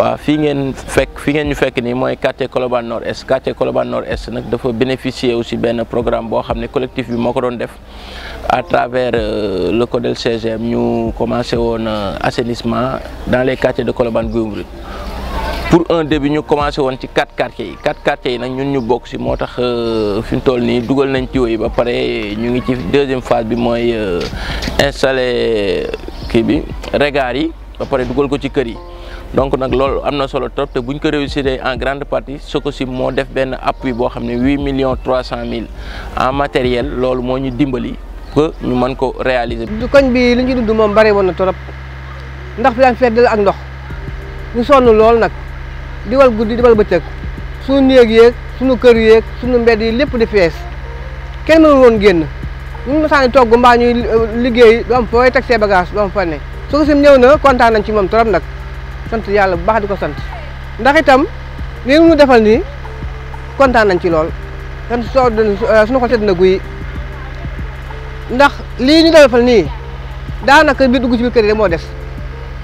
waaw fii ngeen fekk fi ngeen ñu fekk nii mooy quartier Colobane Nord Est quartier Colobane Nord Est nag dafa bénéficier aussi benn programme boo xam ne collectif bi moo ko doon def à travers euh, le CODEL CGM ñu commencé woon euh, assenissement dans les quartiers de Colobane Gouye Mouride pour un début ñu commencé woon ci quatre quartiers yi quatre quartiers yi nag ñun ñu bokk si moo tax euh, fi mu toll nii dugal nañ tuyaux yi ba pare ñu ngi ci deuxième phase bi mooy installer kii bi regard yi ba dugal ko ci kër yi. donc nak lool amna solo top te buñ ko réussir en grande partie soko si mo def ben appui bo xamné 8 millions 300 000 en matériel lool mo ñu dimbali que ñu man ko réaliser du koñ bi liñu dund mom bari won na torop ndax fi lan feddal ak ndox ñu sonu lool nak diwal guddi diwal beccëk suñu neeg yeek suñu kër yeek suñu mbéd yi lepp di fess kenn mënu won genn ñu ma saani togg mba euh, liggéey do am foy tek sé bagage do am fa né soko sim ñëw na contane nañ ci mom torop nak sant yàlla bu baax di ko sant ndax itam li mu defal nii kontaan nañ ci lool kan soo euh, suñu xol sedd na guyi ndax lii ñu defal nii daanaka bi dugg ci biir kër yi moo des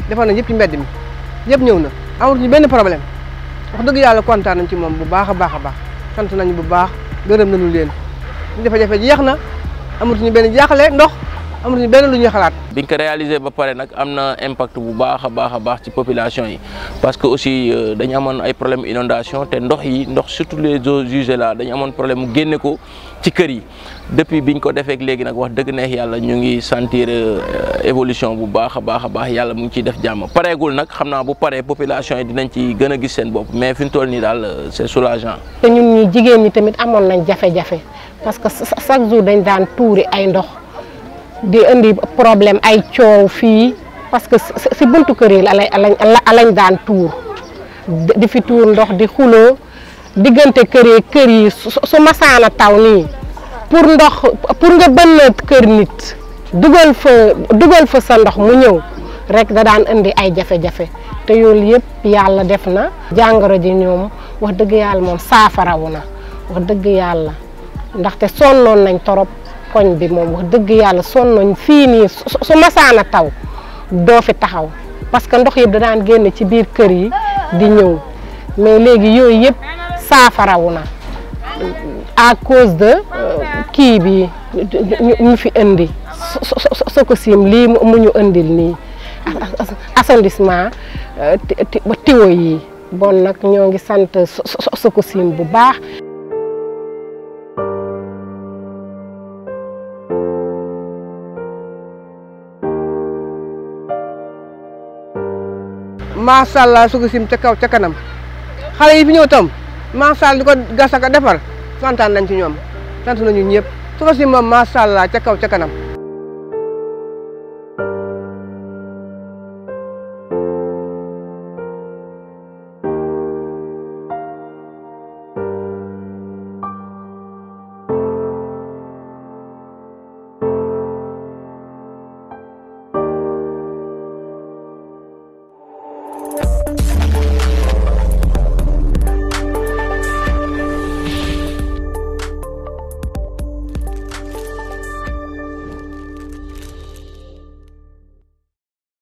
defal na yëpp ci mbedd mi yëpp ñëw na amul ñu benn problème wax dëgg yàlla kontaan nañ ci moom bu baax a baax a baax sant nañ bu baax gërëm nañu leen ñu jafe-jafe ji yeex na amatuñu benn jaaxle ndox amatuñu benn lu ñuy xalaat. bi biñ ko réaliser ba pare nag am na impact bu baax a baax a baax ci population yi parce que aussi euh, dañu amoon ay problème inondation te ndox yi ndox surtout les eaux usées là dañu amoon problème mu génne ko ci kër yi depuis bi biñ ko defeek léegi nag wax dëgg neex yàlla ñu ngi sentir euh, évolution bu baax a baax a baax yàlla mu ngi ciy def jàmm pareegul nag xam naa bu pare population yi dinañ ci gën a gis seen bopp mais fi mu toll nii daal euh, c'est soulageant. te ñun ñi jigéen ñi tamit amoon nañ jafe parce que chaque jour dañ ay ndox. di indi problème ay coow fii parce que si buntu kër yi la alañ daan tuur di fi tuur ndox di xuloo diggante kër yi kër yi su masaana taw nii pour ndox pour nga bënnaat kër nit dugal fa dugal fa sa ndox mu ñëw rek da daan indi ay jafe-jafe te yooyu yëpp yàlla def na jàngoro ji ñoom wax dëgg yàlla moom saafarawu na wax dëgg yàlla ndaxte sonnoon nañ torop koñ bi moom wax dëgg yàlla sonnoñ fii nii su masaana taw doo fi taxaw parce que ndox yëpp da daan génn ci biir kër yi di ñëw mais léegi yooyu yëpp saafarawu na à cause de euh, kii bi ñu fi indi Sococim lii mu ñu indil nii assainissement euh, tiwo yi bon nag ñoo ngi sant Sococim bu baax macha allah sugu sim ca kaw ca kanam xale yi fi ñëw tam macha allah di ko gas ak a defar santaan nañ ci ñoom sant nañu ñëpp sugu sim moom macha allah ca kaw ca kanam.